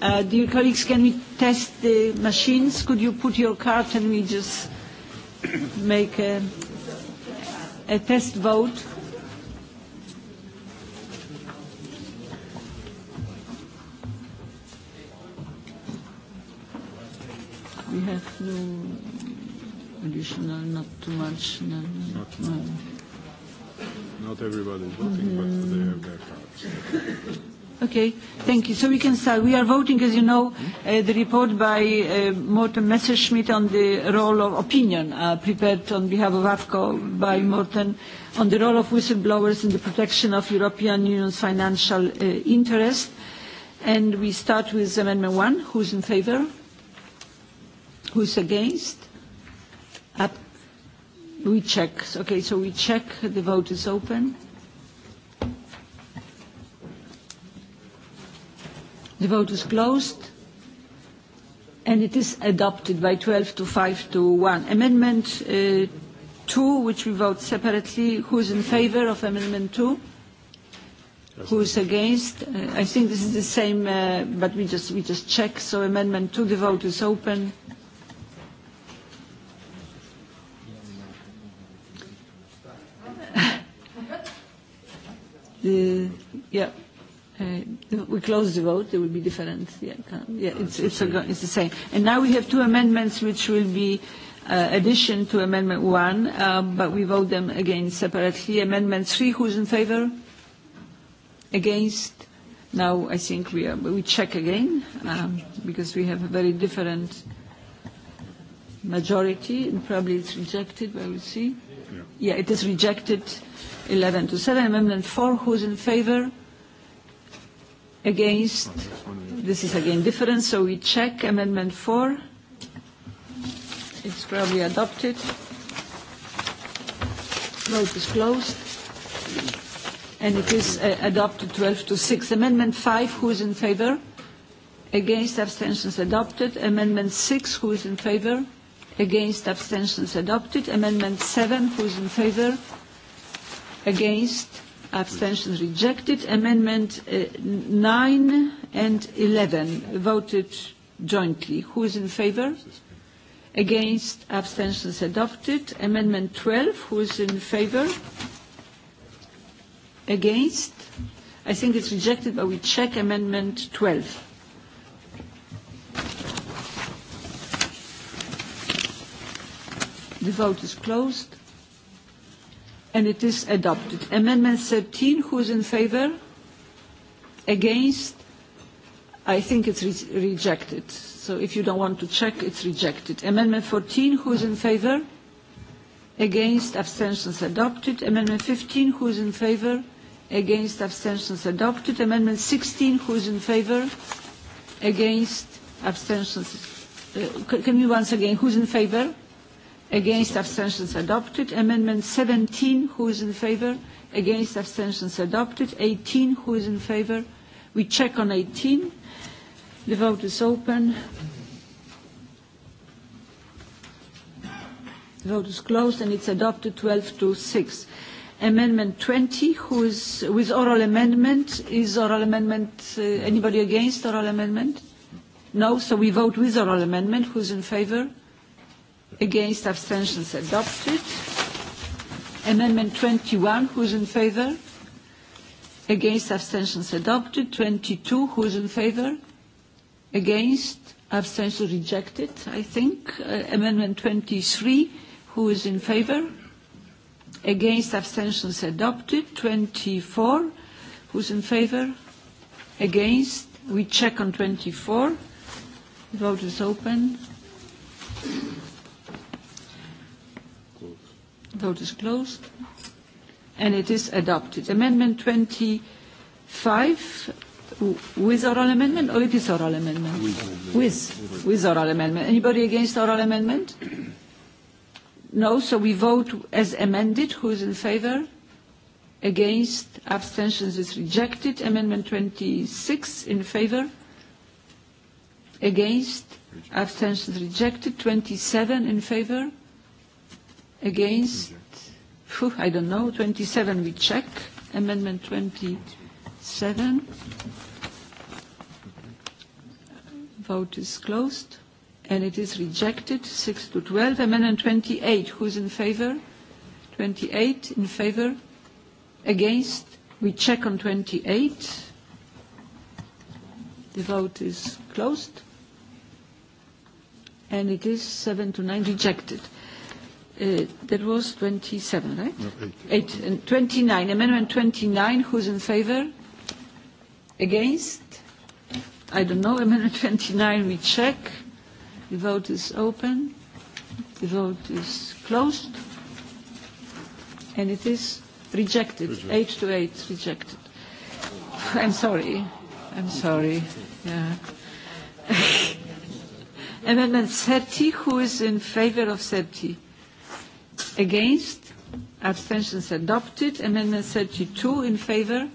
Uh, dear colleagues, can we test the machines? Could you put your card and we just make a, a test vote? We have no additional, not too much. No, no. no. Not, not everybody is voting, mm -hmm. but they have their cards. Okay, thank you. So we can start. We are voting, as you know, uh, the report by uh, Morten Messerschmidt on the role of opinion uh, prepared on behalf of AFCO by Morten on the role of whistleblowers in the protection of European Union's financial uh, interest. And we start with Amendment 1. Who's in favor? Who's against? Up. We check. Okay, so we check. The vote is open. The vote is closed, and it is adopted by 12 to 5 to 1. Amendment 2, uh, which we vote separately. Who's in favor of amendment 2? Who's against? Uh, I think this is the same, uh, but we just check. So amendment 2, the vote is open. The, yep, Uh, no, we close the vote. There will be different. Yeah, yeah uh, it's, it's, a, it's the same. And now we have two amendments which will be uh, addition to Amendment 1, uh, but we vote them again separately. Amendment 3, who's in favor? Against? Now I think we, are, we check again um, because we have a very different majority and probably it's rejected, but we'll see. Yeah. yeah, it is rejected 11 to 7. Amendment 4, who's in favor? Against? This is again different, so we check amendment four. It's probably adopted. Vote is closed. And it is uh, adopted 12 to 6. Amendment 5, who is in favour? Against abstentions adopted. Amendment 6, who is in favour? Against abstentions adopted. Amendment 7, who is in favour? Against abstentions rejected. Amendment uh, 9 and 11 voted jointly. Who is in favour? Against abstentions adopted. Amendment 12. Who is in favour? Against? I think it's rejected, but we check Amendment 12. The vote is closed and it is adopted. Amendment 13, who's in favor? Against? I think it's re rejected. So if you don't want to check, it's rejected. Amendment 14, who's in favor? Against? Abstentions adopted. Amendment 15, who's in favor? Against? Abstentions adopted. Amendment 16, who's in favor? Against? Abstentions. Uh, can we once again, who's in favor? against abstentions adopted amendment 17 who is in favor against abstentions adopted 18 who is in favor we check on 18 the vote is open the vote is closed and it's adopted 12 to 6 amendment 20 who is with oral amendment is oral amendment uh, anybody against oral amendment no so we vote with oral amendment who is in favor Against abstentions adopted. Amendment 21, who's in favour? Against abstentions adopted. 22, who's in favour? Against abstentions rejected, I think. Uh, amendment 23, who is in favour? Against abstentions adopted. 24, who's in favour? Against, we check on 24. The vote is open. vote is closed, and it is adopted. Amendment 25, with oral amendment, or it is oral amendment? With, with oral amendment. Anybody against oral amendment? No, so we vote as amended. Who is in favor? Against? Abstentions is rejected. Amendment 26, in favor? Against? Abstentions rejected. 27, in favor? Against? Phew, I don't know. 27, we check. Amendment 27. Vote is closed. And it is rejected, 6 to 12. Amendment 28, who's in favor? 28 in favor. Against? We check on 28. The vote is closed. And it is 7 to 9 rejected. Uh, there was 27, right? No, eight. eight and 29. Amendment 29, who's in favour? Against? I don't know. Amendment 29, we check. The vote is open. The vote is closed. And it is rejected. rejected. 8 to 8, rejected. I'm sorry. I'm sorry. Yeah. Amendment 30, who is in favour of 30? Against? Abstentions adopted. Amendment 32 in favor?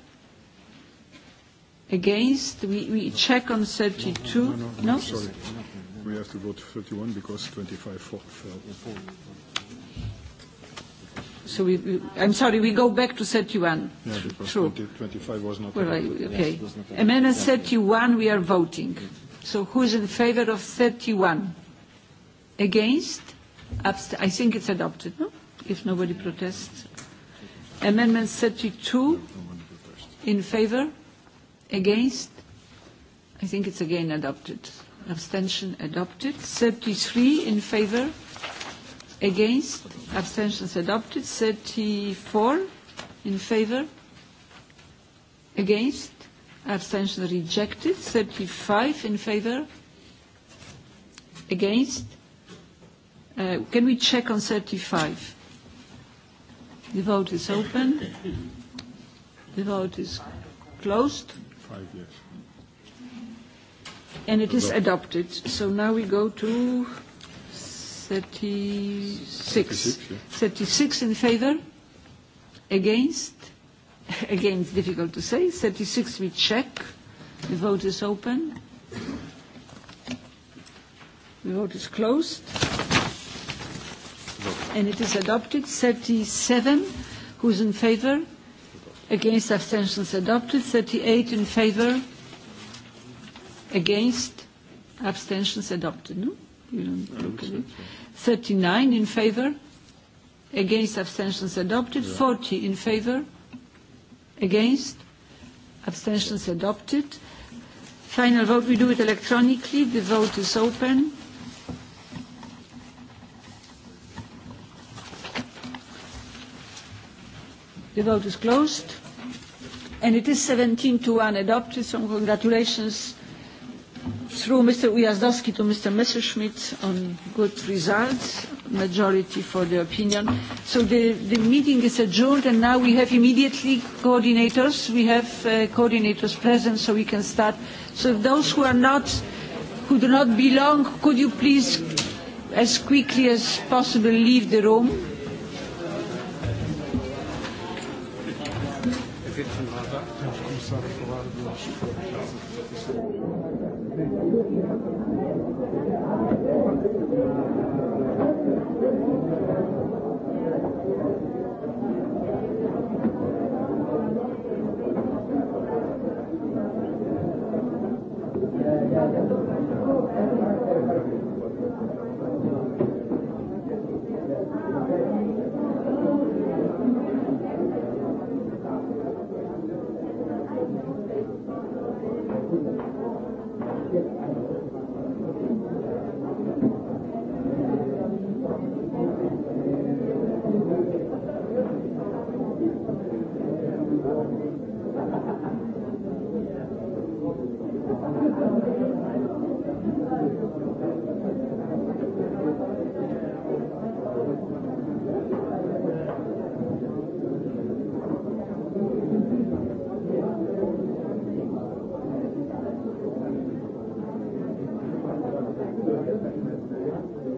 Against? We, we check on 32. No, no, no, no, no? sorry. We have to go to 31 because 25 for, fell. So we, we, I'm sorry, we go back to 31. Yeah, because True. 20, 25 was not... Well, I, okay. Yes, Amendment yeah. 31, we are voting. So who's in favor of 31? Against? Abst I think it's adopted, no? If nobody protests. Amendment 32, in favor? Against? I think it's again adopted. Abstention adopted. 33, in favor? Against? Abstentions adopted. 34, in favor? Against? Abstention rejected. 35, in favor? Against? Uh, can we check on 35? The vote is open. The vote is closed. Five yes. And it is no. adopted. So now we go to 36. 36 in favor? Against? Again, it's difficult to say. 36 we check. The vote is open. The vote is closed and it is adopted. 37, who's in favor? Against, abstentions adopted. 38 in favor? Against, abstentions adopted. No? You don't look at it. 39 in favor? Against, abstentions adopted. 40 in favor? Against, abstentions adopted. Final vote, we do it electronically. The vote is open. The vote is closed. And it is 17 to 1 adopted. So congratulations through Mr. Ujazdowski to Mr. Messerschmidt on good results, majority for the opinion. So the, the meeting is adjourned and now we have immediately coordinators. We have uh, coordinators present so we can start. So those who are not, who do not belong, could you please as quickly as possible leave the room? Nada, vamos começar a falar do nosso Thank you.